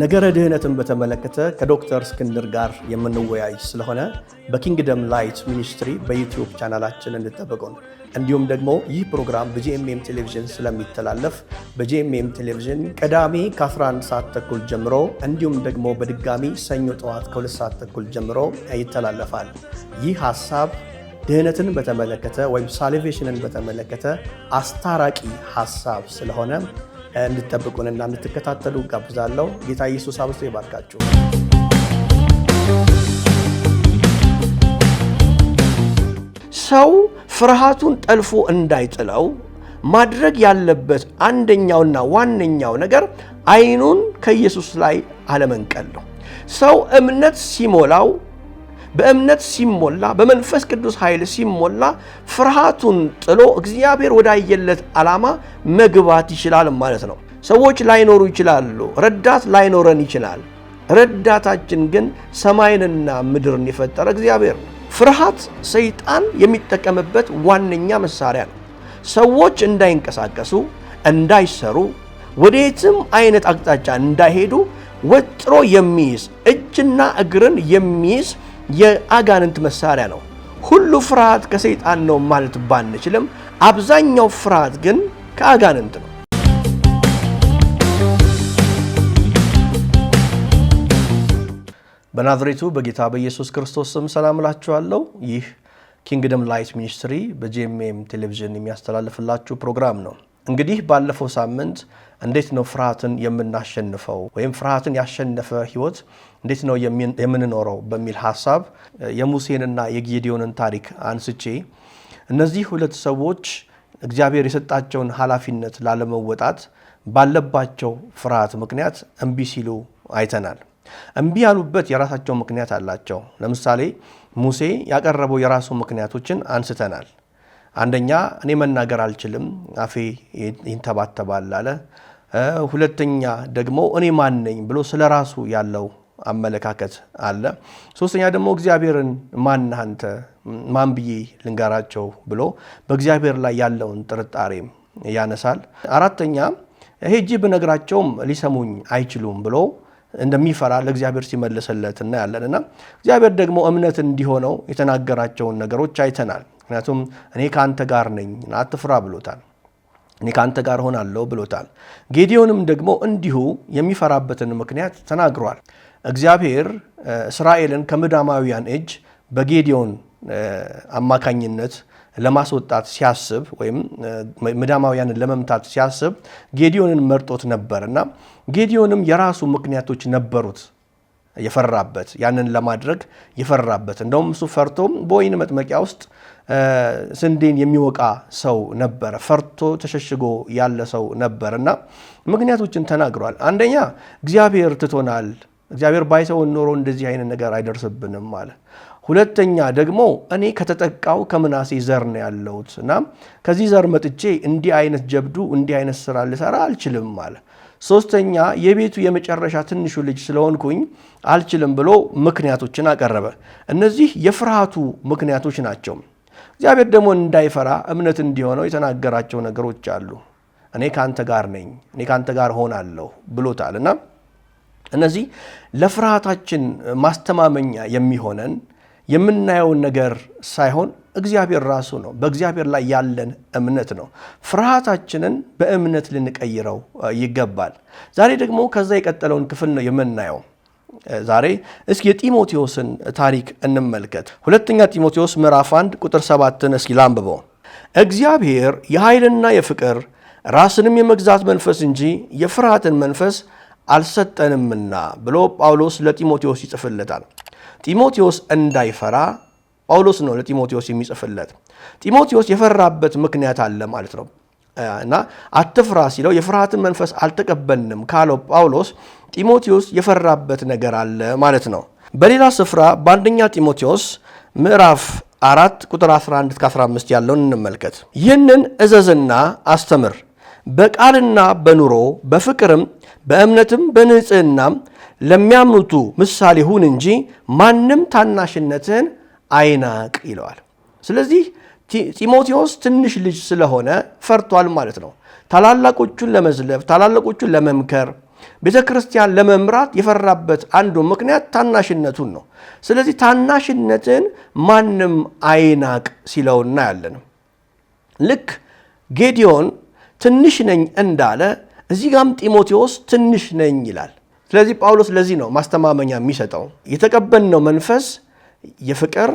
ነገረ ድህነትን በተመለከተ ከዶክተር እስክንድር ጋር የምንወያይ ስለሆነ በኪንግደም ላይት ሚኒስትሪ በዩቲዩብ ቻናላችን እንጠበቁን። እንዲሁም ደግሞ ይህ ፕሮግራም በጂኤምኤም ቴሌቪዥን ስለሚተላለፍ በጂኤምኤም ቴሌቪዥን ቅዳሜ ከ11 ሰዓት ተኩል ጀምሮ እንዲሁም ደግሞ በድጋሚ ሰኞ ጠዋት ከ2 ሰዓት ተኩል ጀምሮ ይተላለፋል። ይህ ሀሳብ ድህነትን በተመለከተ ወይም ሳልቬሽንን በተመለከተ አስታራቂ ሀሳብ ስለሆነ እንድጠብቁንና እንድትከታተሉ ጋብዛለሁ። ጌታ ኢየሱስ አብዝቶ ይባርካችሁ። ሰው ፍርሃቱን ጠልፎ እንዳይጥለው ማድረግ ያለበት አንደኛውና ዋነኛው ነገር አይኑን ከኢየሱስ ላይ አለመንቀል ነው። ሰው እምነት ሲሞላው በእምነት ሲሞላ በመንፈስ ቅዱስ ኃይል ሲሞላ ፍርሃቱን ጥሎ እግዚአብሔር ወዳየለት ዓላማ መግባት ይችላል ማለት ነው። ሰዎች ላይኖሩ ይችላሉ። ረዳት ላይኖረን ይችላል። ረዳታችን ግን ሰማይንና ምድርን የፈጠረ እግዚአብሔር ነው። ፍርሃት ሰይጣን የሚጠቀምበት ዋነኛ መሳሪያ ነው። ሰዎች እንዳይንቀሳቀሱ፣ እንዳይሰሩ፣ ወደየትም አይነት አቅጣጫ እንዳይሄዱ ወጥሮ የሚይዝ እጅና እግርን የሚይዝ የአጋንንት መሳሪያ ነው። ሁሉ ፍርሃት ከሰይጣን ነው ማለት ባንችልም አብዛኛው ፍርሃት ግን ከአጋንንት ነው። በናዝሬቱ በጌታ በኢየሱስ ክርስቶስ ስም ሰላም እላችኋለሁ። ይህ ኪንግደም ላይት ሚኒስትሪ በጂኤምኤም ቴሌቪዥን የሚያስተላልፍላችሁ ፕሮግራም ነው። እንግዲህ ባለፈው ሳምንት እንዴት ነው ፍርሃትን የምናሸንፈው ወይም ፍርሃትን ያሸነፈ ህይወት እንዴት ነው የምንኖረው በሚል ሀሳብ የሙሴንና የጌዲዮንን ታሪክ አንስቼ እነዚህ ሁለት ሰዎች እግዚአብሔር የሰጣቸውን ኃላፊነት ላለመወጣት ባለባቸው ፍርሃት ምክንያት እምቢ ሲሉ አይተናል። እምቢ ያሉበት የራሳቸው ምክንያት አላቸው። ለምሳሌ ሙሴ ያቀረበው የራሱ ምክንያቶችን አንስተናል። አንደኛ እኔ መናገር አልችልም፣ አፌ ይንተባተባል አለ። ሁለተኛ ደግሞ እኔ ማን ነኝ ብሎ ስለ ራሱ ያለው አመለካከት አለ። ሶስተኛ ደግሞ እግዚአብሔርን ማን አንተ ማን ብዬ ልንገራቸው ብሎ በእግዚአብሔር ላይ ያለውን ጥርጣሬ ያነሳል። አራተኛ ሄጄ ብነግራቸውም ሊሰሙኝ አይችሉም ብሎ እንደሚፈራ ለእግዚአብሔር ሲመልስለት እናያለን እና እግዚአብሔር ደግሞ እምነት እንዲሆነው የተናገራቸውን ነገሮች አይተናል። ምክንያቱም እኔ ከአንተ ጋር ነኝ አትፍራ ብሎታል። እኔ ከአንተ ጋር ሆናለሁ ብሎታል። ጌዲዮንም ደግሞ እንዲሁ የሚፈራበትን ምክንያት ተናግሯል። እግዚአብሔር እስራኤልን ከምዳማውያን እጅ በጌዲዮን አማካኝነት ለማስወጣት ሲያስብ ወይም ምዳማውያንን ለመምታት ሲያስብ ጌዲዮንን መርጦት ነበር እና ጌዲዮንም የራሱ ምክንያቶች ነበሩት የፈራበት ያንን ለማድረግ የፈራበት እንደውም እሱ ፈርቶ በወይን መጥመቂያ ውስጥ ስንዴን የሚወቃ ሰው ነበረ። ፈርቶ ተሸሽጎ ያለ ሰው ነበር እና ምክንያቶችን ተናግሯል። አንደኛ እግዚአብሔር ትቶናል፣ እግዚአብሔር ባይተውን ኖሮ እንደዚህ አይነት ነገር አይደርስብንም አለ። ሁለተኛ ደግሞ እኔ ከተጠቃው ከምናሴ ዘር ነው ያለሁት እና ከዚህ ዘር መጥቼ እንዲህ አይነት ጀብዱ እንዲህ አይነት ስራ ልሰራ አልችልም አለ። ሶስተኛ የቤቱ የመጨረሻ ትንሹ ልጅ ስለሆንኩኝ አልችልም ብሎ ምክንያቶችን አቀረበ። እነዚህ የፍርሃቱ ምክንያቶች ናቸው። እግዚአብሔር ደግሞ እንዳይፈራ እምነት እንዲሆነው የተናገራቸው ነገሮች አሉ። እኔ ከአንተ ጋር ነኝ፣ እኔ ከአንተ ጋር ሆናለሁ ብሎታል እና እነዚህ ለፍርሃታችን ማስተማመኛ የሚሆነን የምናየውን ነገር ሳይሆን እግዚአብሔር ራሱ ነው። በእግዚአብሔር ላይ ያለን እምነት ነው። ፍርሃታችንን በእምነት ልንቀይረው ይገባል። ዛሬ ደግሞ ከዛ የቀጠለውን ክፍል ነው የምናየው። ዛሬ እስኪ የጢሞቴዎስን ታሪክ እንመልከት። ሁለተኛ ጢሞቴዎስ ምዕራፍ 1 ቁጥር 7ን እስኪ ላንብበው። እግዚአብሔር የኃይልና የፍቅር ራስንም የመግዛት መንፈስ እንጂ የፍርሃትን መንፈስ አልሰጠንምና ብሎ ጳውሎስ ለጢሞቴዎስ ይጽፍለታል። ጢሞቴዎስ እንዳይፈራ ጳውሎስ ነው ለጢሞቴዎስ የሚጽፍለት። ጢሞቴዎስ የፈራበት ምክንያት አለ ማለት ነው እና አትፍራ ሲለው የፍርሃትን መንፈስ አልተቀበልንም ካለው ጳውሎስ ጢሞቴዎስ የፈራበት ነገር አለ ማለት ነው። በሌላ ስፍራ በአንደኛ ጢሞቴዎስ ምዕራፍ አራት ቁጥር 11-15 ያለውን እንመልከት። ይህንን እዘዝና አስተምር፣ በቃልና በኑሮ በፍቅርም በእምነትም በንጽህናም ለሚያምኑቱ ምሳሌ ሁን እንጂ ማንም ታናሽነትን አይናቅ ይለዋል። ስለዚህ ጢሞቴዎስ ትንሽ ልጅ ስለሆነ ፈርቷል ማለት ነው። ታላላቆቹን ለመዝለፍ ታላላቆቹን ለመምከር፣ ቤተ ክርስቲያን ለመምራት የፈራበት አንዱ ምክንያት ታናሽነቱን ነው። ስለዚህ ታናሽነትን ማንም አይናቅ ሲለው እናያለን። ልክ ጌዲዮን ትንሽ ነኝ እንዳለ እዚህ ጋም ጢሞቴዎስ ትንሽ ነኝ ይላል። ስለዚህ ጳውሎስ ለዚህ ነው ማስተማመኛ የሚሰጠው የተቀበልነው መንፈስ የፍቅር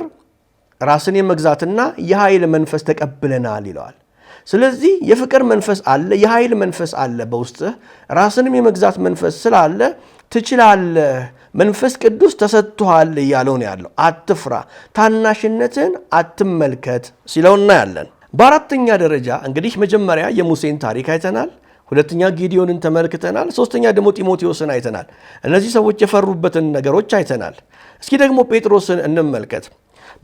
ራስን የመግዛትና የኃይል መንፈስ ተቀብለናል ይለዋል። ስለዚህ የፍቅር መንፈስ አለ፣ የኃይል መንፈስ አለ በውስጥህ ራስንም የመግዛት መንፈስ ስላለ ትችላለህ፣ መንፈስ ቅዱስ ተሰጥቶሃል እያለው ነው ያለው። አትፍራ፣ ታናሽነትን አትመልከት ሲለው እናያለን። በአራተኛ ደረጃ እንግዲህ መጀመሪያ የሙሴን ታሪክ አይተናል። ሁለተኛ ጌዲዮንን ተመልክተናል። ሶስተኛ ደግሞ ጢሞቴዎስን አይተናል። እነዚህ ሰዎች የፈሩበትን ነገሮች አይተናል። እስኪ ደግሞ ጴጥሮስን እንመልከት።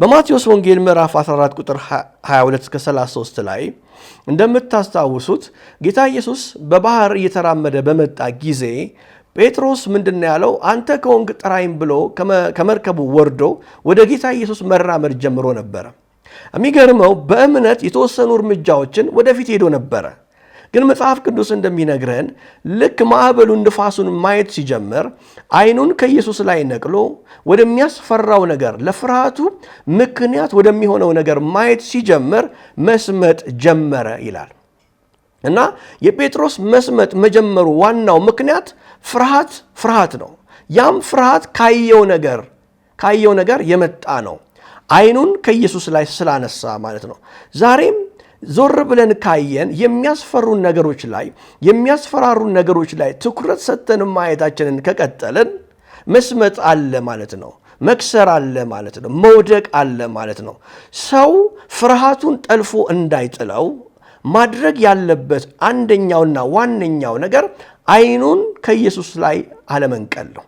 በማቴዎስ ወንጌል ምዕራፍ 14 ቁጥር 22-33 ላይ እንደምታስታውሱት ጌታ ኢየሱስ በባህር እየተራመደ በመጣ ጊዜ ጴጥሮስ ምንድን ያለው አንተ ከወንግ ጥራይም ብሎ ከመርከቡ ወርዶ ወደ ጌታ ኢየሱስ መራመድ ጀምሮ ነበረ። የሚገርመው በእምነት የተወሰኑ እርምጃዎችን ወደፊት ሄዶ ነበረ። ግን መጽሐፍ ቅዱስ እንደሚነግረን ልክ ማዕበሉን ንፋሱን ማየት ሲጀምር አይኑን ከኢየሱስ ላይ ነቅሎ ወደሚያስፈራው ነገር ለፍርሃቱ ምክንያት ወደሚሆነው ነገር ማየት ሲጀምር መስመጥ ጀመረ ይላል እና የጴጥሮስ መስመጥ መጀመሩ ዋናው ምክንያት ፍርሃት ፍርሃት ነው። ያም ፍርሃት ካየው ነገር ካየው ነገር የመጣ ነው። አይኑን ከኢየሱስ ላይ ስላነሳ ማለት ነው። ዛሬም ዞር ብለን ካየን የሚያስፈሩን ነገሮች ላይ የሚያስፈራሩን ነገሮች ላይ ትኩረት ሰጥተን ማየታችንን ከቀጠልን መስመጥ አለ ማለት ነው። መክሰር አለ ማለት ነው። መውደቅ አለ ማለት ነው። ሰው ፍርሃቱን ጠልፎ እንዳይጥለው ማድረግ ያለበት አንደኛውና ዋነኛው ነገር አይኑን ከኢየሱስ ላይ አለመንቀል ነው።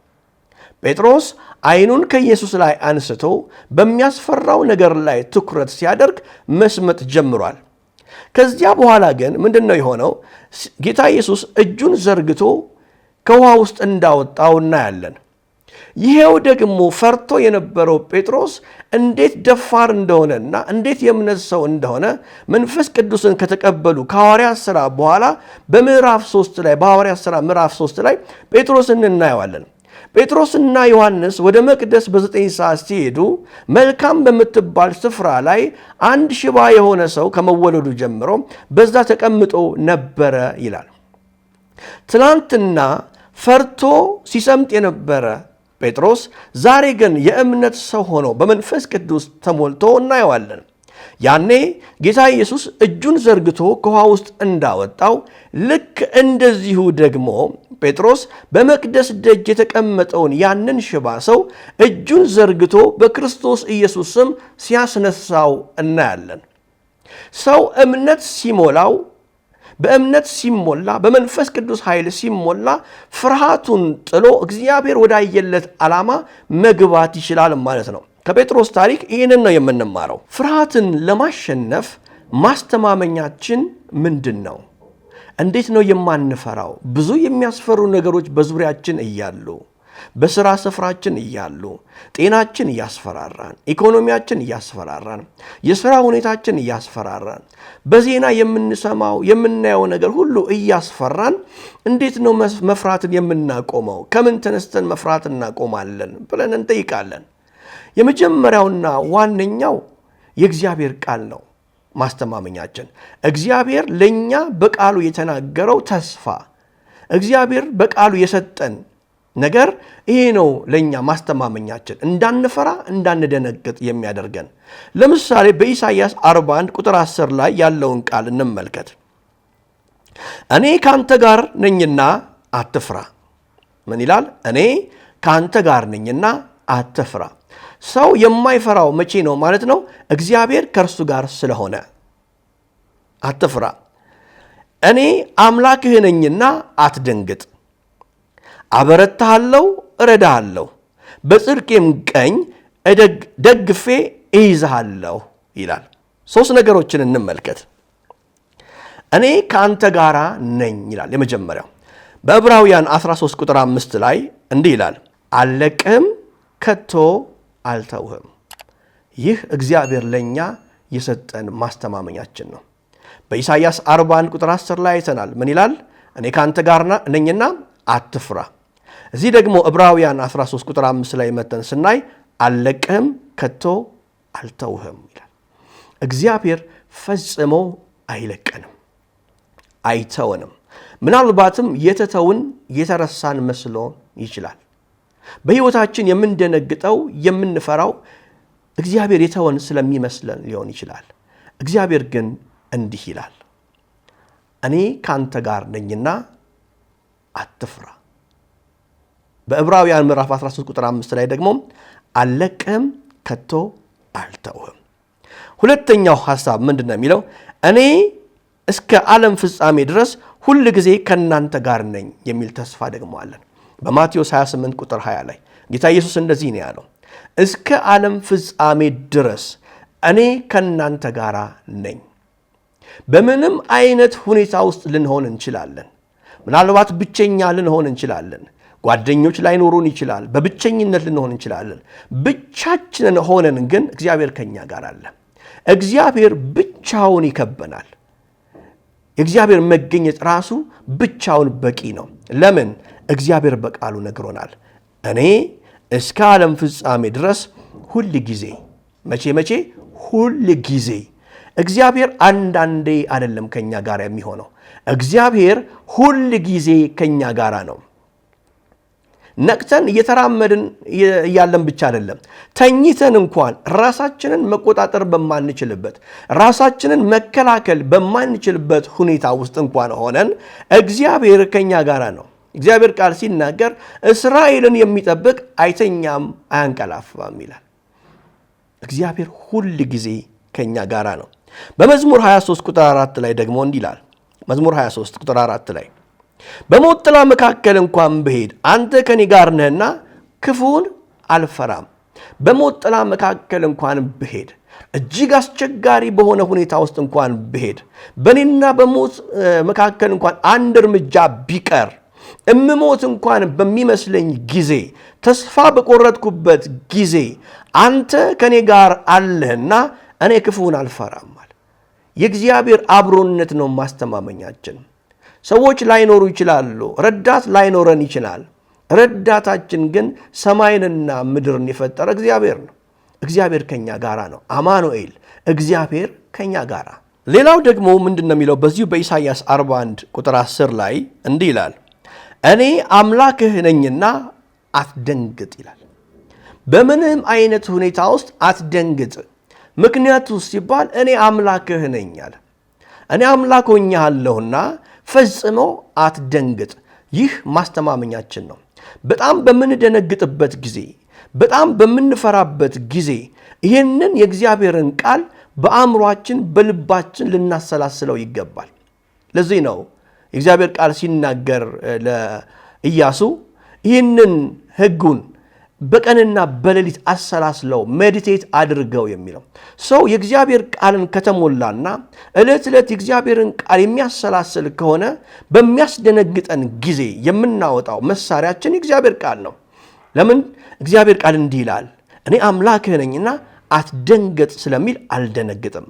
ጴጥሮስ አይኑን ከኢየሱስ ላይ አንስቶ በሚያስፈራው ነገር ላይ ትኩረት ሲያደርግ መስመጥ ጀምሯል። ከዚያ በኋላ ግን ምንድን ነው የሆነው? ጌታ ኢየሱስ እጁን ዘርግቶ ከውሃ ውስጥ እንዳወጣው እናያለን። ይሄው ደግሞ ፈርቶ የነበረው ጴጥሮስ እንዴት ደፋር እንደሆነና እንዴት የእምነት ሰው እንደሆነ መንፈስ ቅዱስን ከተቀበሉ ከሐዋርያት ሥራ በኋላ በምዕራፍ 3 ላይ በሐዋርያት ሥራ ምዕራፍ 3 ላይ ጴጥሮስን እናየዋለን። ጴጥሮስና ዮሐንስ ወደ መቅደስ በዘጠኝ ሰዓት ሲሄዱ መልካም በምትባል ስፍራ ላይ አንድ ሽባ የሆነ ሰው ከመወለዱ ጀምሮ በዛ ተቀምጦ ነበረ ይላል። ትናንትና ፈርቶ ሲሰምጥ የነበረ ጴጥሮስ ዛሬ ግን የእምነት ሰው ሆኖ በመንፈስ ቅዱስ ተሞልቶ እናየዋለን። ያኔ ጌታ ኢየሱስ እጁን ዘርግቶ ከውሃ ውስጥ እንዳወጣው ልክ እንደዚሁ ደግሞ ጴጥሮስ በመቅደስ ደጅ የተቀመጠውን ያንን ሽባ ሰው እጁን ዘርግቶ በክርስቶስ ኢየሱስ ስም ሲያስነሳው እናያለን። ሰው እምነት ሲሞላው በእምነት ሲሞላ በመንፈስ ቅዱስ ኃይል ሲሞላ ፍርሃቱን ጥሎ እግዚአብሔር ወዳየለት ዓላማ መግባት ይችላል ማለት ነው። ከጴጥሮስ ታሪክ ይህንን ነው የምንማረው። ፍርሃትን ለማሸነፍ ማስተማመኛችን ምንድን ነው? እንዴት ነው የማንፈራው? ብዙ የሚያስፈሩ ነገሮች በዙሪያችን እያሉ በስራ ስፍራችን እያሉ ጤናችን እያስፈራራን፣ ኢኮኖሚያችን እያስፈራራን፣ የስራ ሁኔታችን እያስፈራራን፣ በዜና የምንሰማው የምናየው ነገር ሁሉ እያስፈራን፣ እንዴት ነው መፍራትን የምናቆመው? ከምን ተነስተን መፍራት እናቆማለን ብለን እንጠይቃለን። የመጀመሪያውና ዋነኛው የእግዚአብሔር ቃል ነው። ማስተማመኛችን እግዚአብሔር ለእኛ በቃሉ የተናገረው ተስፋ እግዚአብሔር በቃሉ የሰጠን ነገር ይሄ ነው። ለእኛ ማስተማመኛችን እንዳንፈራ እንዳንደነግጥ የሚያደርገን ለምሳሌ በኢሳይያስ 41 ቁጥር 10 ላይ ያለውን ቃል እንመልከት። እኔ ከአንተ ጋር ነኝና አትፍራ። ምን ይላል? እኔ ከአንተ ጋር ነኝና አትፍራ። ሰው የማይፈራው መቼ ነው ማለት ነው? እግዚአብሔር ከእርሱ ጋር ስለሆነ አትፍራ፣ እኔ አምላክህ ነኝና አትደንግጥ። አበረታሃለሁ፣ እረዳሃለሁ፣ በጽድቄም ቀኝ ደግፌ እይዝሃለሁ ይላል። ሶስት ነገሮችን እንመልከት። እኔ ከአንተ ጋር ነኝ ይላል። የመጀመሪያው በዕብራውያን 13 ቁጥር 5 ላይ እንዲህ ይላል፣ አልለቅህም ከቶ አልተውህም። ይህ እግዚአብሔር ለእኛ የሰጠን ማስተማመኛችን ነው። በኢሳይያስ 41 ቁጥር 10 ላይ አይተናል። ምን ይላል? እኔ ከአንተ ጋር ነኝና አትፍራ። እዚህ ደግሞ ዕብራውያን 13 ቁጥር 5 ላይ መተን ስናይ አለቅህም፣ ከቶ አልተውህም ይላል። እግዚአብሔር ፈጽሞ አይለቀንም፣ አይተወንም። ምናልባትም የተተውን የተረሳን መስሎ ይችላል። በሕይወታችን የምንደነግጠው የምንፈራው እግዚአብሔር የተወን ስለሚመስለን ሊሆን ይችላል። እግዚአብሔር ግን እንዲህ ይላል፣ እኔ ከአንተ ጋር ነኝና አትፍራ። በዕብራውያን ምዕራፍ 13 ቁጥር 5 ላይ ደግሞ አለቅም ከቶ አልተውህም። ሁለተኛው ሐሳብ ምንድን ነው የሚለው? እኔ እስከ ዓለም ፍጻሜ ድረስ ሁል ጊዜ ከእናንተ ጋር ነኝ የሚል ተስፋ ደግሞ አለን። በማቴዎስ 28 ቁጥር 20 ላይ ጌታ ኢየሱስ እንደዚህ ነው ያለው፣ እስከ ዓለም ፍጻሜ ድረስ እኔ ከእናንተ ጋር ነኝ። በምንም አይነት ሁኔታ ውስጥ ልንሆን እንችላለን። ምናልባት ብቸኛ ልንሆን እንችላለን። ጓደኞች ላይኖሩን ይችላል። በብቸኝነት ልንሆን እንችላለን። ብቻችንን ሆነን ግን እግዚአብሔር ከኛ ጋር አለ። እግዚአብሔር ብቻውን ይከበናል። የእግዚአብሔር መገኘት ራሱ ብቻውን በቂ ነው። ለምን? እግዚአብሔር በቃሉ ነግሮናል። እኔ እስከ ዓለም ፍጻሜ ድረስ ሁል ጊዜ መቼ መቼ ሁል ጊዜ እግዚአብሔር አንዳንዴ አይደለም ከኛ ጋር የሚሆነው እግዚአብሔር ሁል ጊዜ ከኛ ጋር ነው። ነቅተን እየተራመድን እያለን ብቻ አይደለም፣ ተኝተን እንኳን ራሳችንን መቆጣጠር በማንችልበት ራሳችንን መከላከል በማንችልበት ሁኔታ ውስጥ እንኳን ሆነን እግዚአብሔር ከኛ ጋር ነው። እግዚአብሔር ቃል ሲናገር እስራኤልን የሚጠብቅ አይተኛም አያንቀላፋም ይላል። እግዚአብሔር ሁል ጊዜ ከእኛ ጋር ነው። በመዝሙር 23 ቁጥር 4 ላይ ደግሞ እንዲህ ይላል። መዝሙር 23 ቁጥር 4 ላይ በሞት ጥላ መካከል እንኳን ብሄድ አንተ ከኔ ጋር ነህና ክፉን አልፈራም። በሞት ጥላ መካከል እንኳን ብሄድ እጅግ አስቸጋሪ በሆነ ሁኔታ ውስጥ እንኳን ብሄድ በእኔና በሞት መካከል እንኳን አንድ እርምጃ ቢቀር እምሞት እንኳን በሚመስለኝ ጊዜ ተስፋ በቆረጥኩበት ጊዜ አንተ ከእኔ ጋር አለህና እኔ ክፉውን አልፈራም አለ። የእግዚአብሔር አብሮነት ነው ማስተማመኛችን። ሰዎች ላይኖሩ ይችላሉ፣ ረዳት ላይኖረን ይችላል። ረዳታችን ግን ሰማይንና ምድርን የፈጠረ እግዚአብሔር ነው። እግዚአብሔር ከኛ ጋራ ነው። አማኑኤል፣ እግዚአብሔር ከኛ ጋር። ሌላው ደግሞ ምንድን ነው የሚለው በዚሁ በኢሳይያስ 41 ቁጥር 10 ላይ እንዲህ ይላል እኔ አምላክህ ነኝና አትደንግጥ ይላል። በምንም አይነት ሁኔታ ውስጥ አትደንግጥ። ምክንያቱ ሲባል እኔ አምላክህ ነኝ አለ። እኔ አምላክ ፈጽሞ አትደንግጥ። ይህ ማስተማመኛችን ነው። በጣም በምንደነግጥበት ጊዜ፣ በጣም በምንፈራበት ጊዜ ይህንን የእግዚአብሔርን ቃል በአእምሯችን በልባችን ልናሰላስለው ይገባል። ለዚህ ነው የእግዚአብሔር ቃል ሲናገር ለኢያሱ ይህንን ህጉን በቀንና በሌሊት አሰላስለው ሜዲቴት አድርገው የሚለው ሰው የእግዚአብሔር ቃልን ከተሞላና ዕለት ዕለት የእግዚአብሔርን ቃል የሚያሰላስል ከሆነ በሚያስደነግጠን ጊዜ የምናወጣው መሳሪያችን የእግዚአብሔር ቃል ነው። ለምን? እግዚአብሔር ቃል እንዲህ ይላል፣ እኔ አምላክህ ነኝና አትደንገጥ ስለሚል አልደነግጥም።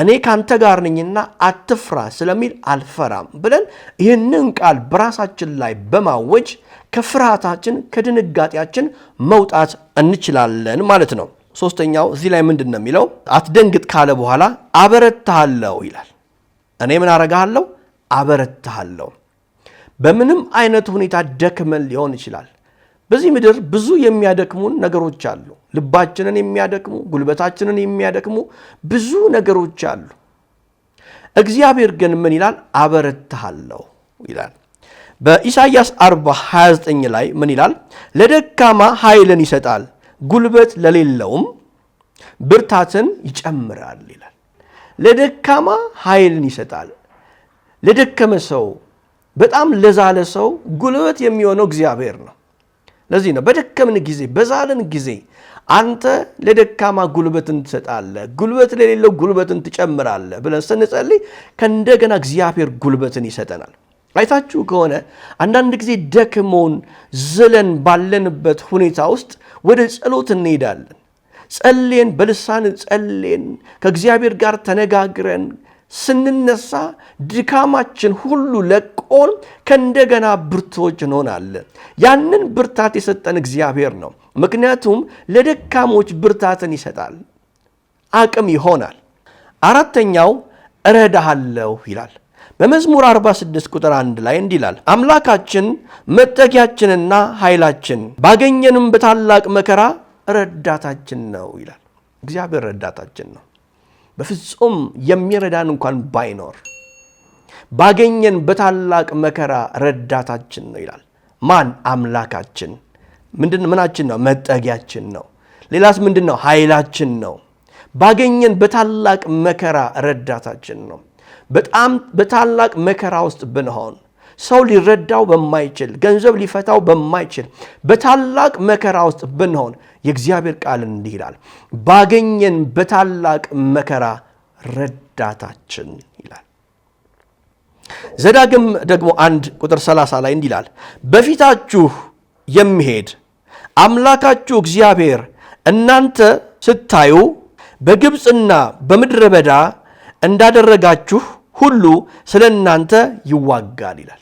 እኔ ካንተ ጋር ነኝና አትፍራ ስለሚል አልፈራም ብለን ይህንን ቃል በራሳችን ላይ በማወጅ ከፍርሃታችን ከድንጋጤያችን መውጣት እንችላለን ማለት ነው። ሶስተኛው እዚህ ላይ ምንድን ነው የሚለው? አትደንግጥ ካለ በኋላ አበረታሃለሁ ይላል። እኔ ምን አረጋሃለሁ? አበረታሃለሁ። በምንም አይነት ሁኔታ ደክመን ሊሆን ይችላል በዚህ ምድር ብዙ የሚያደክሙን ነገሮች አሉ። ልባችንን የሚያደክሙ ጉልበታችንን የሚያደክሙ ብዙ ነገሮች አሉ። እግዚአብሔር ግን ምን ይላል? አበረታሃለሁ ይላል። በኢሳይያስ 40 29 ላይ ምን ይላል? ለደካማ ኃይልን ይሰጣል፣ ጉልበት ለሌለውም ብርታትን ይጨምራል ይላል። ለደካማ ኃይልን ይሰጣል። ለደከመ ሰው፣ በጣም ለዛለ ሰው ጉልበት የሚሆነው እግዚአብሔር ነው። ለዚህ ነው በደከምን ጊዜ በዛልን ጊዜ አንተ ለደካማ ጉልበትን ትሰጣለህ፣ ጉልበት ለሌለው ጉልበትን ትጨምራለህ ብለን ስንጸልይ ከእንደገና እግዚአብሔር ጉልበትን ይሰጠናል። አይታችሁ ከሆነ አንዳንድ ጊዜ ደክሞን ዝለን ባለንበት ሁኔታ ውስጥ ወደ ጸሎት እንሄዳለን። ጸልየን በልሳን ጸልየን ከእግዚአብሔር ጋር ተነጋግረን ስንነሳ ድካማችን ሁሉ ለቆን ከእንደገና ብርቶች እንሆናለን። ያንን ብርታት የሰጠን እግዚአብሔር ነው። ምክንያቱም ለደካሞች ብርታትን ይሰጣል፣ አቅም ይሆናል። አራተኛው እረዳሃለሁ ይላል። በመዝሙር 46 ቁጥር 1 ላይ እንዲህ ይላል፣ አምላካችን መጠጊያችንና ኃይላችን ባገኘንም በታላቅ መከራ ረዳታችን ነው ይላል። እግዚአብሔር ረዳታችን ነው። በፍጹም የሚረዳን እንኳን ባይኖር ባገኘን በታላቅ መከራ ረዳታችን ነው ይላል። ማን? አምላካችን። ምንድን ምናችን ነው? መጠጊያችን ነው። ሌላስ ምንድን ነው? ኃይላችን ነው። ባገኘን በታላቅ መከራ ረዳታችን ነው። በጣም በታላቅ መከራ ውስጥ ብንሆን ሰው ሊረዳው በማይችል ገንዘብ ሊፈታው በማይችል በታላቅ መከራ ውስጥ ብንሆን የእግዚአብሔር ቃል እንዲህ ይላል፣ ባገኘን በታላቅ መከራ ረዳታችን ይላል። ዘዳግም ደግሞ አንድ ቁጥር 30 ላይ እንዲህ ይላል፣ በፊታችሁ የሚሄድ አምላካችሁ እግዚአብሔር እናንተ ስታዩ በግብፅና በምድረ በዳ እንዳደረጋችሁ ሁሉ ስለ እናንተ ይዋጋል ይላል።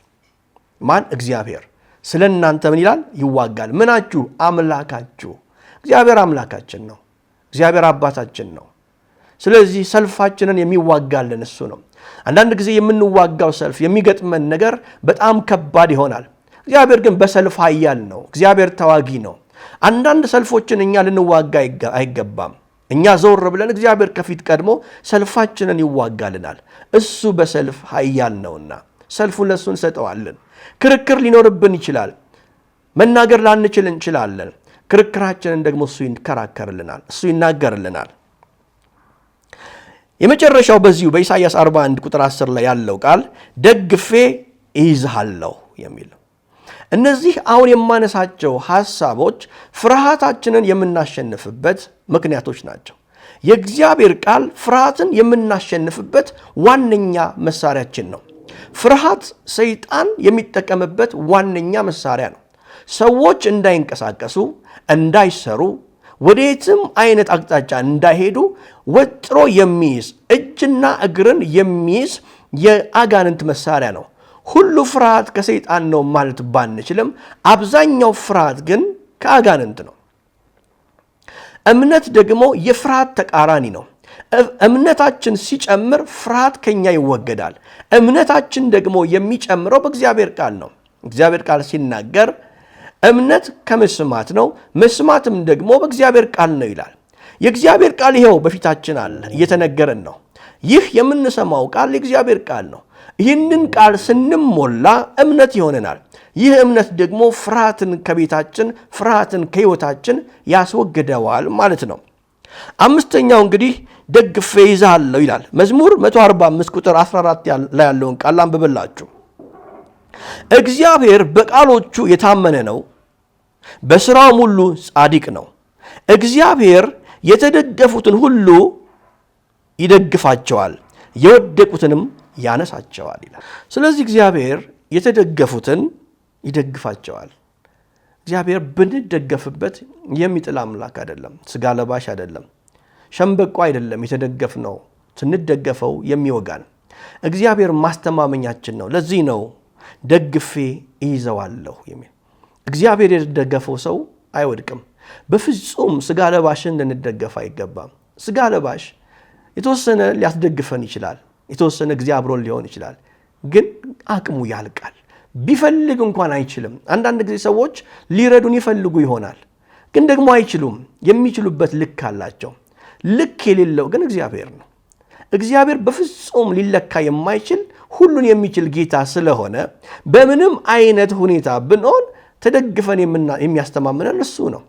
ማን? እግዚአብሔር ስለ እናንተ ምን ይላል? ይዋጋል። ምናችሁ? አምላካችሁ እግዚአብሔር አምላካችን ነው። እግዚአብሔር አባታችን ነው። ስለዚህ ሰልፋችንን የሚዋጋልን እሱ ነው። አንዳንድ ጊዜ የምንዋጋው ሰልፍ የሚገጥመን ነገር በጣም ከባድ ይሆናል። እግዚአብሔር ግን በሰልፍ ኃያል ነው። እግዚአብሔር ተዋጊ ነው። አንዳንድ ሰልፎችን እኛ ልንዋጋ አይገባም። እኛ ዘወር ብለን እግዚአብሔር ከፊት ቀድሞ ሰልፋችንን ይዋጋልናል። እሱ በሰልፍ ኃያል ነውና ሰልፉን ለእሱ እንሰጠዋለን። ክርክር ሊኖርብን ይችላል። መናገር ላንችል እንችላለን። ክርክራችንን ደግሞ እሱ ይከራከርልናል፣ እሱ ይናገርልናል። የመጨረሻው በዚሁ በኢሳይያስ 41 ቁጥር 10 ላይ ያለው ቃል ደግፌ እይዝሃለሁ የሚል እነዚህ አሁን የማነሳቸው ሐሳቦች ፍርሃታችንን የምናሸንፍበት ምክንያቶች ናቸው። የእግዚአብሔር ቃል ፍርሃትን የምናሸንፍበት ዋነኛ መሳሪያችን ነው። ፍርሃት ሰይጣን የሚጠቀምበት ዋነኛ መሳሪያ ነው። ሰዎች እንዳይንቀሳቀሱ፣ እንዳይሰሩ፣ ወደየትም አይነት አቅጣጫ እንዳይሄዱ ወጥሮ የሚይዝ እጅና እግርን የሚይዝ የአጋንንት መሳሪያ ነው። ሁሉ ፍርሃት ከሰይጣን ነው ማለት ባንችልም አብዛኛው ፍርሃት ግን ከአጋንንት ነው። እምነት ደግሞ የፍርሃት ተቃራኒ ነው። እምነታችን ሲጨምር ፍርሃት ከኛ ይወገዳል። እምነታችን ደግሞ የሚጨምረው በእግዚአብሔር ቃል ነው። እግዚአብሔር ቃል ሲናገር እምነት ከመስማት ነው፣ መስማትም ደግሞ በእግዚአብሔር ቃል ነው ይላል። የእግዚአብሔር ቃል ይኸው በፊታችን አለ፣ እየተነገረን ነው። ይህ የምንሰማው ቃል የእግዚአብሔር ቃል ነው። ይህንን ቃል ስንሞላ እምነት ይሆነናል። ይህ እምነት ደግሞ ፍርሃትን ከቤታችን፣ ፍርሃትን ከሕይወታችን ያስወግደዋል ማለት ነው። አምስተኛው እንግዲህ ደግፌ ይዛለሁ ይላል። መዝሙር 145 ቁጥር 14 ላይ ያለውን ቃል አንብብላችሁ። እግዚአብሔር በቃሎቹ የታመነ ነው፣ በሥራውም ሁሉ ጻድቅ ነው። እግዚአብሔር የተደገፉትን ሁሉ ይደግፋቸዋል፣ የወደቁትንም ያነሳቸዋል ይላል። ስለዚህ እግዚአብሔር የተደገፉትን ይደግፋቸዋል። እግዚአብሔር ብንደገፍበት የሚጥል አምላክ አይደለም፣ ስጋ ለባሽ አይደለም፣ ሸምበቆ አይደለም። የተደገፍ ነው ስንደገፈው የሚወጋን እግዚአብሔር ማስተማመኛችን ነው። ለዚህ ነው ደግፌ እይዘዋለሁ የሚል እግዚአብሔር የተደገፈው ሰው አይወድቅም። በፍጹም ስጋ ለባሽን ልንደገፍ አይገባም። ስጋ ለባሽ የተወሰነ ሊያስደግፈን ይችላል፣ የተወሰነ እግዚአብሮን ሊሆን ይችላል፣ ግን አቅሙ ያልቃል። ቢፈልግ እንኳን አይችልም። አንዳንድ ጊዜ ሰዎች ሊረዱን ይፈልጉ ይሆናል፣ ግን ደግሞ አይችሉም። የሚችሉበት ልክ አላቸው። ልክ የሌለው ግን እግዚአብሔር ነው። እግዚአብሔር በፍጹም ሊለካ የማይችል ሁሉን የሚችል ጌታ ስለሆነ በምንም አይነት ሁኔታ ብንሆን ተደግፈን የሚያስተማምነን እሱ ነው።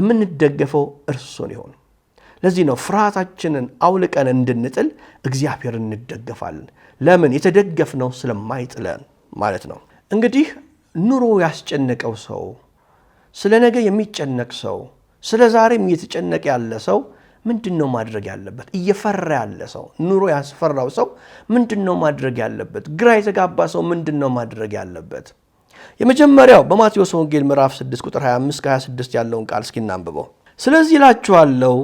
የምንደገፈው እርሱን ይሆን። ለዚህ ነው ፍርሃታችንን አውልቀን እንድንጥል እግዚአብሔር እንደገፋለን። ለምን? የተደገፍነው ስለማይጥለን ማለት ነው። እንግዲህ ኑሮ ያስጨነቀው ሰው፣ ስለ ነገ የሚጨነቅ ሰው፣ ስለ ዛሬም እየተጨነቀ ያለ ሰው ምንድን ነው ማድረግ ያለበት? እየፈራ ያለ ሰው፣ ኑሮ ያስፈራው ሰው ምንድን ነው ማድረግ ያለበት? ግራ የተጋባ ሰው ምንድን ነው ማድረግ ያለበት? የመጀመሪያው በማቴዎስ ወንጌል ምዕራፍ 6 ቁጥር 25-26 ያለውን ቃል እስኪ እናንብበው። ስለዚህ እላችኋለሁ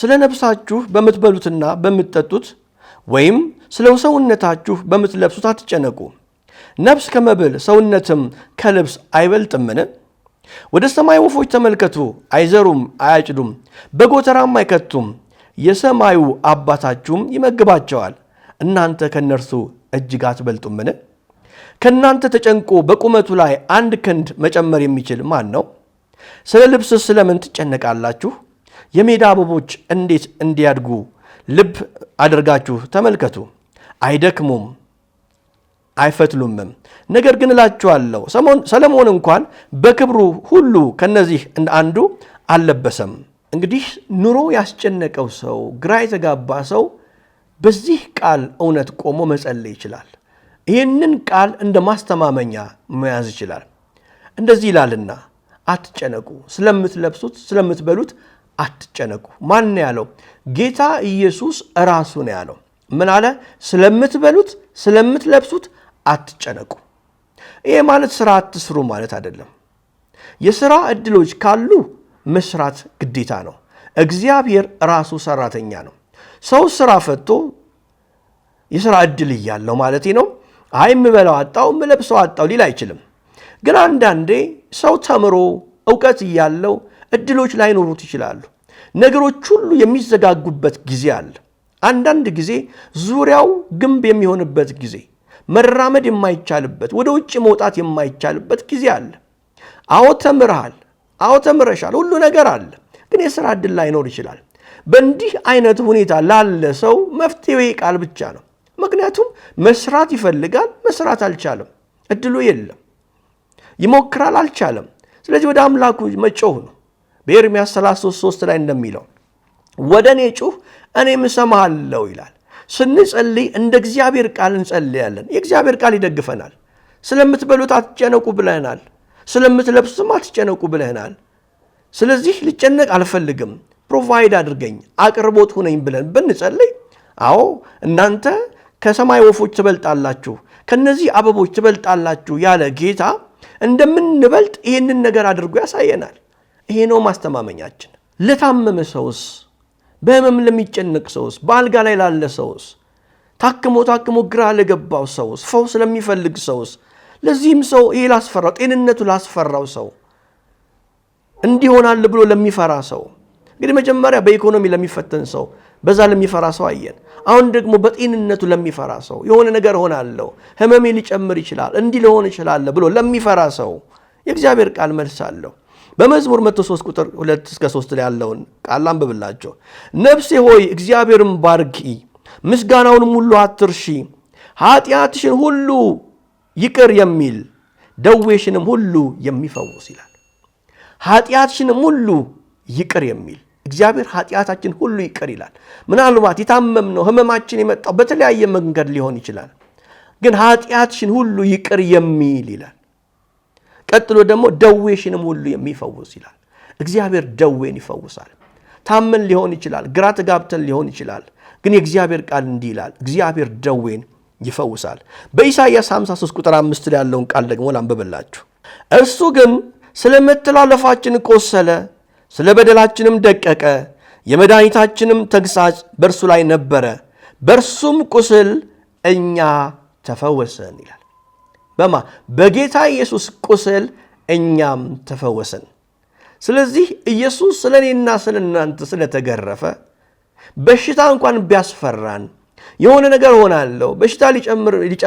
ስለ ነፍሳችሁ በምትበሉትና በምትጠጡት ወይም ስለ ሰውነታችሁ በምትለብሱት አትጨነቁ ነፍስ ከመብል ሰውነትም ከልብስ አይበልጥምን? ወደ ሰማይ ወፎች ተመልከቱ፣ አይዘሩም፣ አያጭዱም፣ በጎተራም አይከቱም፣ የሰማዩ አባታችሁም ይመግባቸዋል። እናንተ ከእነርሱ እጅግ አትበልጡምን? ከእናንተ ተጨንቆ በቁመቱ ላይ አንድ ክንድ መጨመር የሚችል ማን ነው? ስለ ልብስ ስለምን ትጨነቃላችሁ? የሜዳ አበቦች እንዴት እንዲያድጉ ልብ አድርጋችሁ ተመልከቱ። አይደክሙም፣ አይፈትሉምም። ነገር ግን እላችኋለሁ ሰለሞን እንኳን በክብሩ ሁሉ ከነዚህ አንዱ አልለበሰም። እንግዲህ ኑሮ ያስጨነቀው ሰው፣ ግራ የተጋባ ሰው በዚህ ቃል እውነት ቆሞ መጸለይ ይችላል። ይህንን ቃል እንደ ማስተማመኛ መያዝ ይችላል። እንደዚህ ይላልና አትጨነቁ፣ ስለምትለብሱት ስለምትበሉት አትጨነቁ። ማን ያለው? ጌታ ኢየሱስ ራሱ ነው ያለው። ምን አለ? ስለምትበሉት ስለምትለብሱት አትጨነቁ። ይሄ ማለት ስራ አትስሩ ማለት አይደለም። የስራ እድሎች ካሉ መስራት ግዴታ ነው። እግዚአብሔር ራሱ ሰራተኛ ነው። ሰው ስራ ፈቶ የስራ እድል እያለው ማለት ነው። አይ የምበላው አጣው የምለብሰው አጣው ሊል አይችልም። ግን አንዳንዴ ሰው ተምሮ እውቀት እያለው እድሎች ላይኖሩት ይችላሉ። ነገሮች ሁሉ የሚዘጋጉበት ጊዜ አለ። አንዳንድ ጊዜ ዙሪያው ግንብ የሚሆንበት ጊዜ መራመድ የማይቻልበት ወደ ውጭ መውጣት የማይቻልበት ጊዜ አለ። አዎ ተምርሃል፣ አዎ ተምረሻል፣ ሁሉ ነገር አለ። ግን የሥራ ዕድል ላይኖር ይችላል። በእንዲህ አይነት ሁኔታ ላለ ሰው መፍትሄ ቃል ብቻ ነው። ምክንያቱም መስራት ይፈልጋል፣ መስራት አልቻለም፣ እድሉ የለም። ይሞክራል፣ አልቻለም። ስለዚህ ወደ አምላኩ መጮህ ነው። በኤርምያስ 33 3 ላይ እንደሚለው ወደ እኔ ጩህ እኔም እሰማሃለሁ ይላል። ስንጸልይ እንደ እግዚአብሔር ቃል እንጸልያለን። የእግዚአብሔር ቃል ይደግፈናል። ስለምትበሉት አትጨነቁ ብለናል። ስለምትለብሱም አትጨነቁ ብለናል። ስለዚህ ልጨነቅ አልፈልግም፣ ፕሮቫይድ አድርገኝ፣ አቅርቦት ሁነኝ ብለን ብንጸልይ፣ አዎ እናንተ ከሰማይ ወፎች ትበልጣላችሁ፣ ከነዚህ አበቦች ትበልጣላችሁ ያለ ጌታ እንደምንበልጥ ይህንን ነገር አድርጎ ያሳየናል። ይሄ ነው ማስተማመኛችን። ለታመመ ሰውስ በህመም ለሚጨነቅ ሰውስ፣ በአልጋ ላይ ላለ ሰውስ፣ ታክሞ ታክሞ ግራ ለገባው ሰውስ፣ ፈውስ ለሚፈልግ ሰውስ፣ ለዚህም ሰው ይሄ ላስፈራው ጤንነቱ ላስፈራው ሰው እንዲሆናል ብሎ ለሚፈራ ሰው እንግዲህ መጀመሪያ በኢኮኖሚ ለሚፈተን ሰው በዛ ለሚፈራ ሰው አየን። አሁን ደግሞ በጤንነቱ ለሚፈራ ሰው የሆነ ነገር ሆናለሁ፣ ህመሜ ሊጨምር ይችላል፣ እንዲህ ሊሆን እችላለሁ ብሎ ለሚፈራ ሰው የእግዚአብሔር ቃል መልስ አለው። በመዝሙር 103 ቁጥር 2 እስከ 3 ላይ ያለውን ቃል አንብብላቸው። ነፍሴ ሆይ እግዚአብሔርን ባርኪ፣ ምስጋናውንም ሁሉ አትርሺ። ኃጢአትሽን ሁሉ ይቅር የሚል ደዌሽንም ሁሉ የሚፈውስ ይላል። ኃጢአትሽንም ሁሉ ይቅር የሚል እግዚአብሔር ኃጢአታችን ሁሉ ይቅር ይላል። ምናልባት የታመምነው ህመማችን የመጣው በተለያየ መንገድ ሊሆን ይችላል። ግን ኃጢአትሽን ሁሉ ይቅር የሚል ይላል ቀጥሎ ደግሞ ደዌሽንም ሁሉ የሚፈውስ ይላል። እግዚአብሔር ደዌን ይፈውሳል። ታመን ሊሆን ይችላል፣ ግራ ተጋብተን ሊሆን ይችላል። ግን የእግዚአብሔር ቃል እንዲህ ይላል፣ እግዚአብሔር ደዌን ይፈውሳል። በኢሳይያስ 53 ቁጥር 5 ላይ ያለውን ቃል ደግሞ ላንበበላችሁ። እርሱ ግን ስለ መተላለፋችን ቆሰለ፣ ስለ በደላችንም ደቀቀ፣ የመድኃኒታችንም ተግሳጽ በእርሱ ላይ ነበረ፣ በእርሱም ቁስል እኛ ተፈወሰን ይላል። በማ በጌታ ኢየሱስ ቁስል እኛም ተፈወስን። ስለዚህ ኢየሱስ ስለ እኔና ስለ እናንተ ስለተገረፈ በሽታ እንኳን ቢያስፈራን የሆነ ነገር ሆናለሁ፣ በሽታ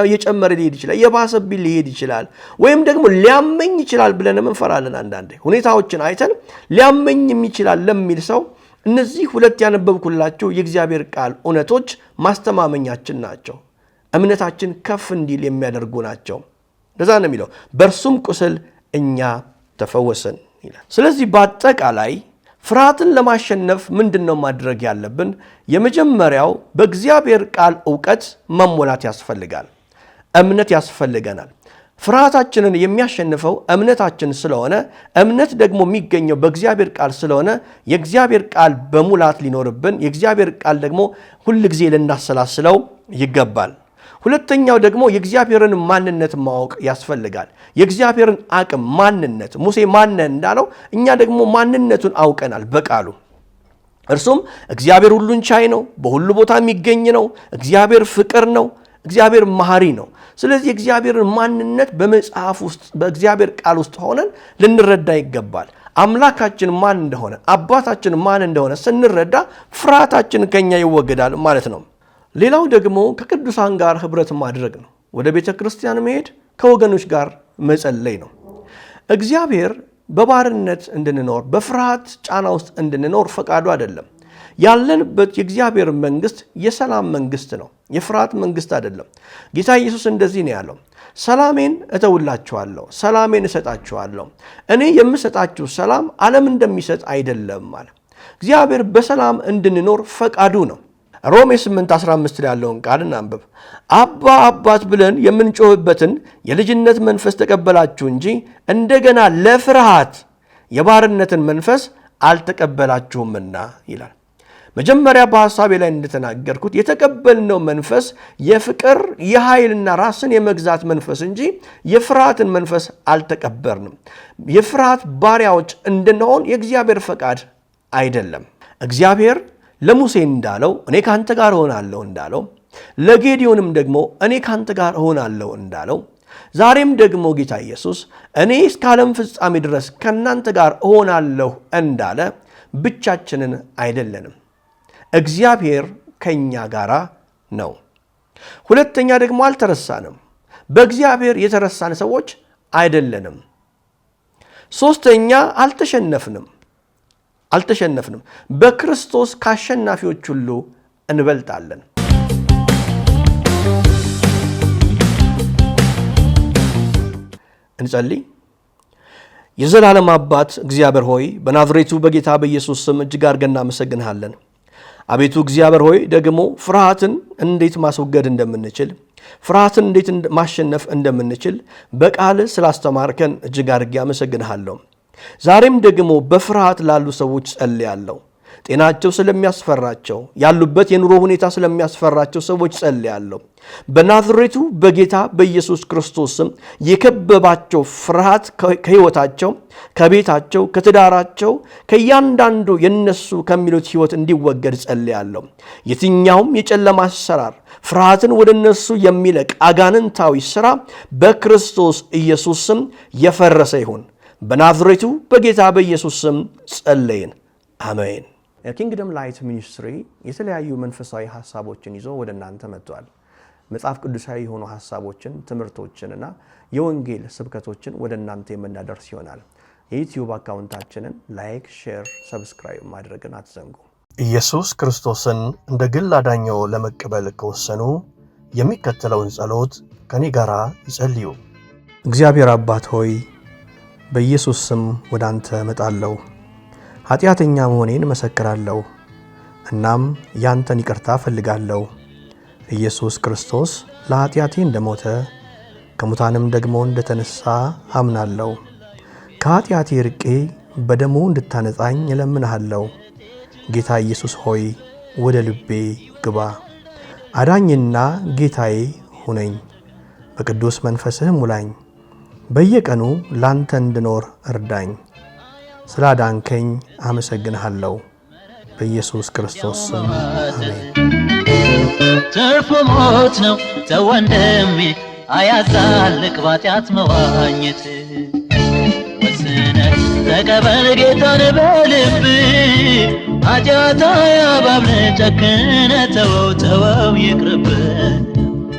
እየጨመረ ሊሄድ ይችላል፣ የባሰብኝ ሊሄድ ይችላል፣ ወይም ደግሞ ሊያመኝ ይችላል ብለንም እንፈራለን። አንዳንዴ ሁኔታዎችን አይተን ሊያመኝም ይችላል ለሚል ሰው እነዚህ ሁለት ያነበብኩላቸው የእግዚአብሔር ቃል እውነቶች ማስተማመኛችን ናቸው። እምነታችን ከፍ እንዲል የሚያደርጉ ናቸው። እንደዛ ነው የሚለው። በእርሱም ቁስል እኛ ተፈወስን ይላል። ስለዚህ በአጠቃላይ ፍርሃትን ለማሸነፍ ምንድን ነው ማድረግ ያለብን? የመጀመሪያው በእግዚአብሔር ቃል እውቀት መሞላት ያስፈልጋል። እምነት ያስፈልገናል። ፍርሃታችንን የሚያሸንፈው እምነታችን ስለሆነ እምነት ደግሞ የሚገኘው በእግዚአብሔር ቃል ስለሆነ የእግዚአብሔር ቃል በሙላት ሊኖርብን፣ የእግዚአብሔር ቃል ደግሞ ጊዜ ልናሰላስለው ይገባል። ሁለተኛው ደግሞ የእግዚአብሔርን ማንነት ማወቅ ያስፈልጋል። የእግዚአብሔርን አቅም ማንነት፣ ሙሴ ማን እንዳለው እኛ ደግሞ ማንነቱን አውቀናል በቃሉ እርሱም እግዚአብሔር ሁሉን ቻይ ነው፣ በሁሉ ቦታ የሚገኝ ነው፣ እግዚአብሔር ፍቅር ነው፣ እግዚአብሔር መሐሪ ነው። ስለዚህ የእግዚአብሔርን ማንነት በመጽሐፍ ውስጥ በእግዚአብሔር ቃል ውስጥ ሆነን ልንረዳ ይገባል። አምላካችን ማን እንደሆነ አባታችን ማን እንደሆነ ስንረዳ ፍርሃታችን ከኛ ይወገዳል ማለት ነው። ሌላው ደግሞ ከቅዱሳን ጋር ኅብረት ማድረግ ነው። ወደ ቤተ ክርስቲያን መሄድ ከወገኖች ጋር መጸለይ ነው። እግዚአብሔር በባርነት እንድንኖር በፍርሃት ጫና ውስጥ እንድንኖር ፈቃዱ አይደለም። ያለንበት የእግዚአብሔር መንግሥት የሰላም መንግሥት ነው፣ የፍርሃት መንግሥት አይደለም። ጌታ ኢየሱስ እንደዚህ ነው ያለው፣ ሰላሜን እተውላችኋለሁ፣ ሰላሜን እሰጣችኋለሁ። እኔ የምሰጣችሁ ሰላም ዓለም እንደሚሰጥ አይደለም አለ። እግዚአብሔር በሰላም እንድንኖር ፈቃዱ ነው። ሮሜ 8 15 ላይ ያለውን ቃል እናንብብ። አባ አባት ብለን የምንጮህበትን የልጅነት መንፈስ ተቀበላችሁ እንጂ እንደገና ለፍርሃት የባርነትን መንፈስ አልተቀበላችሁምና ይላል። መጀመሪያ በሐሳቤ ላይ እንደተናገርኩት የተቀበልነው መንፈስ የፍቅር የኃይልና ራስን የመግዛት መንፈስ እንጂ የፍርሃትን መንፈስ አልተቀበልንም። የፍርሃት ባሪያዎች እንድንሆን የእግዚአብሔር ፈቃድ አይደለም። እግዚአብሔር ለሙሴ እንዳለው እኔ ካንተ ጋር እሆናለሁ እንዳለው፣ ለጌዲዮንም ደግሞ እኔ ካንተ ጋር እሆናለሁ እንዳለው ዛሬም ደግሞ ጌታ ኢየሱስ እኔ እስከ ዓለም ፍጻሜ ድረስ ከእናንተ ጋር እሆናለሁ እንዳለ ብቻችንን አይደለንም። እግዚአብሔር ከእኛ ጋራ ነው። ሁለተኛ ደግሞ አልተረሳንም። በእግዚአብሔር የተረሳን ሰዎች አይደለንም። ሦስተኛ አልተሸነፍንም። አልተሸነፍንም። በክርስቶስ ከአሸናፊዎች ሁሉ እንበልጣለን። እንጸልይ። የዘላለም አባት እግዚአብሔር ሆይ በናዝሬቱ በጌታ በኢየሱስ ስም እጅግ አድርገን እናመሰግንሃለን። አቤቱ እግዚአብሔር ሆይ ደግሞ ፍርሃትን እንዴት ማስወገድ እንደምንችል ፍርሃትን እንዴት ማሸነፍ እንደምንችል በቃል ስላስተማርከን እጅግ አድርጌ አመሰግንሃለሁ። ዛሬም ደግሞ በፍርሃት ላሉ ሰዎች ጸልያለሁ። ጤናቸው ስለሚያስፈራቸው፣ ያሉበት የኑሮ ሁኔታ ስለሚያስፈራቸው ሰዎች ጸልያለሁ። በናዝሬቱ በጌታ በኢየሱስ ክርስቶስ የከበባቸው ፍርሃት ከሕይወታቸው፣ ከቤታቸው፣ ከትዳራቸው፣ ከእያንዳንዱ የነሱ ከሚሉት ሕይወት እንዲወገድ ጸልያለሁ። የትኛውም የጨለማ አሰራር ፍርሃትን ወደ እነሱ የሚለቅ አጋንንታዊ ሥራ በክርስቶስ ኢየሱስም የፈረሰ ይሁን። በናዝሬቱ በጌታ በኢየሱስ ስም ጸለይን፣ አሜን። የኪንግደም ላይት ሚኒስትሪ የተለያዩ መንፈሳዊ ሀሳቦችን ይዞ ወደ እናንተ መጥቷል። መጽሐፍ ቅዱሳዊ የሆኑ ሀሳቦችን፣ ትምህርቶችንና የወንጌል ስብከቶችን ወደ እናንተ የምናደርስ ይሆናል። የዩትዩብ አካውንታችንን ላይክ፣ ሼር፣ ሰብስክራይብ ማድረግን አትዘንጉ። ኢየሱስ ክርስቶስን እንደ ግል አዳኘው ለመቀበል ከወሰኑ የሚከተለውን ጸሎት ከኔ ጋር ይጸልዩ። እግዚአብሔር አባት ሆይ በኢየሱስ ስም ወደ አንተ እመጣለሁ። ኃጢአተኛ መሆኔን እመሰክራለሁ፣ እናም ያንተን ይቅርታ እፈልጋለሁ። ኢየሱስ ክርስቶስ ለኃጢአቴ እንደሞተ ከሙታንም ደግሞ እንደተነሳ አምናለሁ። ከኃጢአቴ ርቄ በደሙ እንድታነጻኝ እለምንሃለሁ። ጌታ ኢየሱስ ሆይ ወደ ልቤ ግባ፣ አዳኝና ጌታዬ ሁነኝ። በቅዱስ መንፈስህም ሙላኝ። በየቀኑ ላንተ እንድኖር እርዳኝ። ስላዳንከኝ አመሰግንሃለሁ። በኢየሱስ ክርስቶስ ስም አሜን። ትርፉ ሞት ነው ተወንድሜ አያዛልቅ ባጢአት መዋኘት ወስነት ተቀበል ጌታን በልብ አጃታ ያባብለ ጨክነ ተወው ተወው ይቅርብን